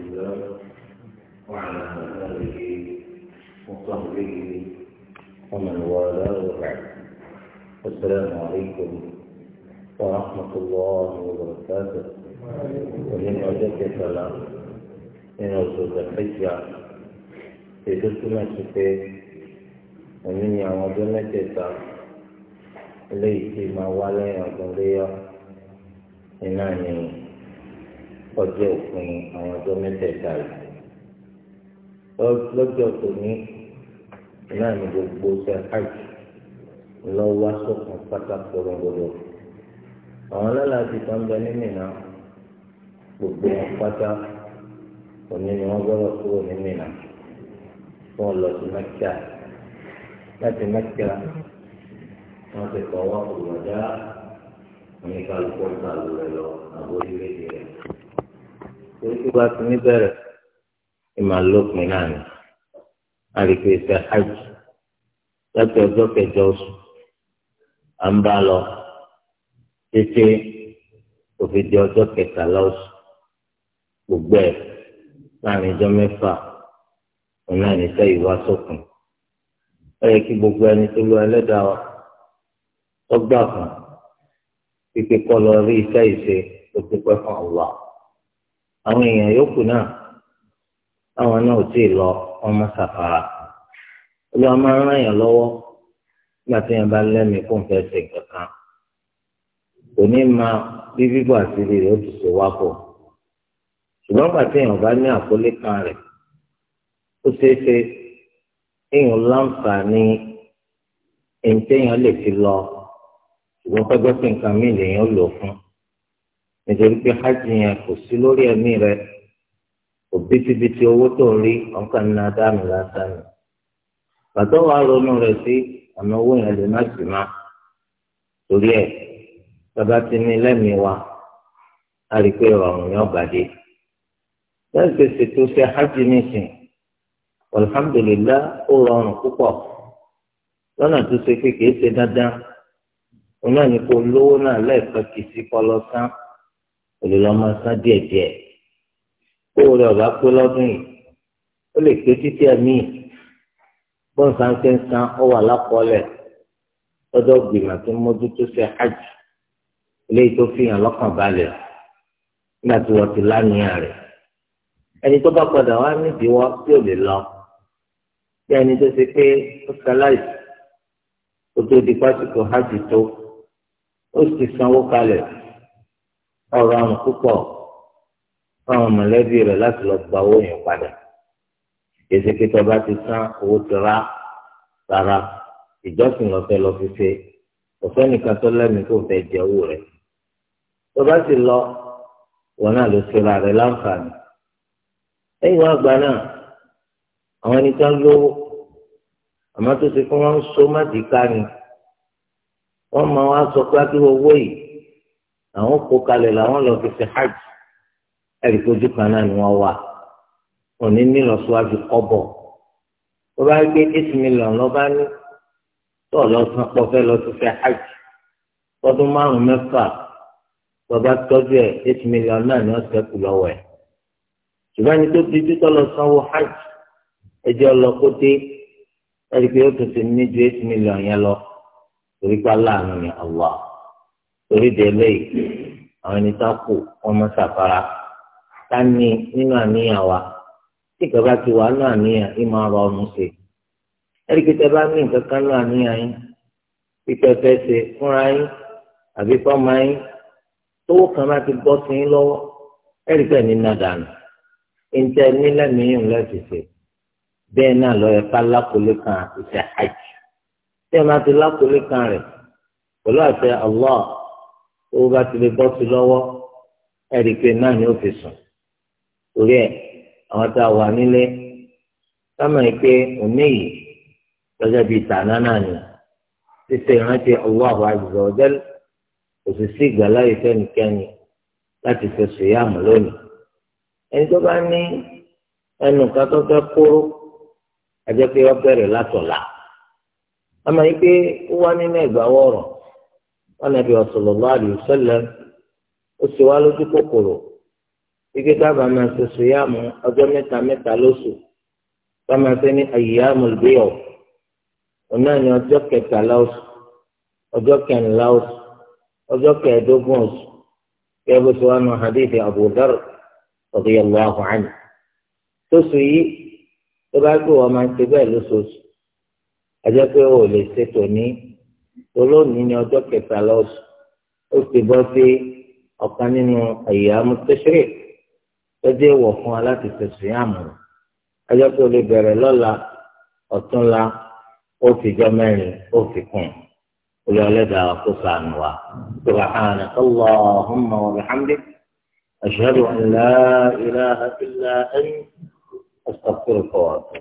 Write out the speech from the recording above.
الله وعلى آله وصحبه ومن والاه وبعد السلام عليكم ورحمة الله وبركاته ومن جاءت سلام من رسول الحجة في يدرسنا الشفاء ومن يوم جنة إليه ما والي أبو إنني kọjá òpin àwọn ọjọ́ mẹ́tẹ̀ẹ̀ta yìí lọ́jọ́ tòní náà ní gbogbo ṣe hajj lọ́wọ́ sọ̀kan pátá pọ̀rọ̀gbọ̀rọ̀ àwọn alálàájì kan bẹ nínú ìná gbogbo wọn pátá òní ni wọ́n gbọ́dọ̀ kúrò nínú ìná wọ́n lọ sí mẹ́kíà láti mẹ́kíà wọ́n ti kọ́ wọ́n kúrò dá oníkàlùkọ́ ìtàlù rẹ̀ lọ àbórí rédíò rẹ̀ torí tó bá ti ní bẹ̀rẹ̀ ìmàlópin náà ni àlèkè ìfẹ hajj láti ọjọ́ kẹjọ oṣù à ń bá lọ títí òfin di ọjọ́ kẹtàlá oṣù gbogbo ẹ láàrin ọjọ́ mẹ́fà òun náà níṣẹ ìwà sókun ó yẹ kí gbogbo ẹni tó lọ ẹlẹ́dàá wa tó gbà fún pípé lọ rí iṣẹ́ ìṣe tó pípẹ́ fún àwọn. àwọn èèyàn yòókù náà àwọn náà ò tí ì lọ ọmọ sàfàrà olúwa máa ń ràn yàn lọ́wọ́ nígbà tí bá lẹ́mìí ṣe ní ma bí bíbọ̀ àṣírí rẹ̀ ó ti ṣe wá pọ̀ ṣùgbọ́n nígbà tí bá kan rẹ̀ ó ṣeé ṣe láǹfààní ẹni téèyàn lọ ṣùgbọ́n pẹ́gbẹ́ pé nǹkan fún nítorí pé hajj yẹn kò sí lórí ẹ̀mí rẹ òbítíbitì owó tó ń rí ọ̀nkà ní adáàmì lásán ni pàtó wàá ronú rẹ sí ọ̀nà owó yẹn lè má sì má torí ẹ̀ bàbá ti ní lẹ́mìí wa a rí pé ọ̀rùn yẹn ọ̀bàdé bẹ́ẹ̀ ṣe ṣètò ṣe hajj nìsín alhamdulillah ó rọrùn púpọ̀ lọ́nà tó ṣe pé kìí ṣe dandan òun ní kó lówó náà lẹ́ẹ̀kan kìí sí kọ́ lọ olùlọ́mọ sán díẹ̀díẹ̀ owó rẹ̀ ọ̀bá pé lọ́dún yìí ó lè pé títí ẹ̀mí bọ́ǹsánsẹ́nsán ó wà lápọ̀ọ́lẹ̀ lọ́dọ̀ gbìmọ̀ tó mójútó ṣe hajj eléyìí tó fi hàn lọ́kàn balẹ̀ nígbà tí wọ́n ti lánìyàn rẹ̀ ẹni tó bá padà wá nídìí wọ́n tí ò lè lọ bí ẹni tó ṣe pé ó ṣaláìsì ó tó di pásítọ̀ hajj tó ó sì sanwó kalẹ̀ ọ̀rọ̀ àwọn púpọ̀ fáwọn mọ̀lẹ́bí rẹ̀ láti lọ gba owó yẹn padà èsì kíkọ bá ti san owó ti rà rárá ìjọsìn lọ́fẹ́ lọ fi ṣe ọ̀fẹ́ nìkan tó lẹ́mìí kò fẹ́ jẹ owó rẹ̀ tó bá ti lọ wọn náà ló ṣe ra rẹ̀ láǹfààní lẹ́yìn wọn àgbà náà àwọn ẹni tó ń lówó àmọ́ tó ṣe fún wọn ń so má dìka ni wọ́n máa wá sọ pé kí owó yìí àwọn kó kalẹ̀ làwọn lọ fi ṣe hajj ẹ̀rí kojú kan náà ni wọ́n wà òní nílọsíwájú kọ́bọ̀ tó bá gbé eight million lọ́ba ní tó lọ san pọ́fẹ́ lọ fi ṣe hajj tọdún márùn-ún mẹ́fà bàbá tọ́jú ẹ̀ eight million náà ni wọ́n ṣẹ́kù lọ́wọ́ ẹ̀ ṣùgbọ́n ẹni tó ti títọ́ lọ sanwó hajj ẹjẹ́ ọlọ́kọ́tẹ́ ẹ̀rí pé ó tún ti ní ju eight million yẹn lọ torí pa láàánú ni Allah. torí de eléyìí àwọn ẹni tá kù wọn ṣàfara tá ní nínú àníyàn wa tí ti wà nínú àníyàn yìí máa rọ ọrùn ṣe bá ní nǹkan kan nínú àníyàn yín pípẹ́ fẹ́ ṣe fúnra yín àbí yín tówó kan bá ti bọ́ sí yín lọ́wọ́ ní nàdánù ìǹtẹ́ nílẹ̀míyàn lẹ́sìn ṣe bẹ́ẹ̀ náà lọ yẹ ká kan ìṣe hajj tí ẹ máa ti lákòólé kan rẹ̀ pẹ̀lú owó bá ti lè bọ́ sí lọ́wọ́ ẹ̀rí pé náà ni ó fi sùn torí ẹ̀ àwọn tá a wà nílé sámà yìí pé òní yìí lọ́jọ́ bíi tàná náà ni títẹ ìrántí Allahu azza wa jal kò sì sí ìgbàláyè fẹ́nikẹ́ni láti fẹsùn yá mọ́ lónìí ẹni tó bá ní ẹnu kan tó fẹ́ kóró àjẹpé ọ bẹ̀rẹ̀ látọ̀la àmọ́ yìí pé ó wá nínú ẹ̀gbà wọ̀rọ̀. Ànábì sallallahu alayhi wa sallam ó sì wá lójú kòkòrò ike dábàá máa ṣe sùyàmù ọjọ́ mẹ́ta mẹ́ta lóṣù bá máa ṣe ní ayyamul biyu òun náà ní ọjọ́ kẹtàlá oṣù ọjọ́ kẹrìnlá oṣù ọjọ́ kẹẹ̀ẹ́dógún oṣù kẹ́ẹ́ bó ṣe wá nu hadithi Abu Dharr radiyallahu anhu tóṣù yìí tó bá gbé wọn máa ń ṣe bẹ́ẹ̀ lóṣooṣù àjẹ́ pé ó lè ṣe tòní olóòní ní ọjọ́ kẹtàlá oṣù ó sì bọ́ sí ọ̀kan nínú àyàmú tẹ́sírì tọ́jú èèwọ̀ fún wa láti tẹ̀sùn yàmù rẹ̀ ọjọ́ tó lè bẹ̀rẹ̀ lọ́la ọ̀túnla ó fi jọ mẹ́rin ó fi kún olè ọlẹ́dàá kó sànù wa subhanaka allahumma wa bihamdik ashhadu an la ilaha illa anta astaghfiruka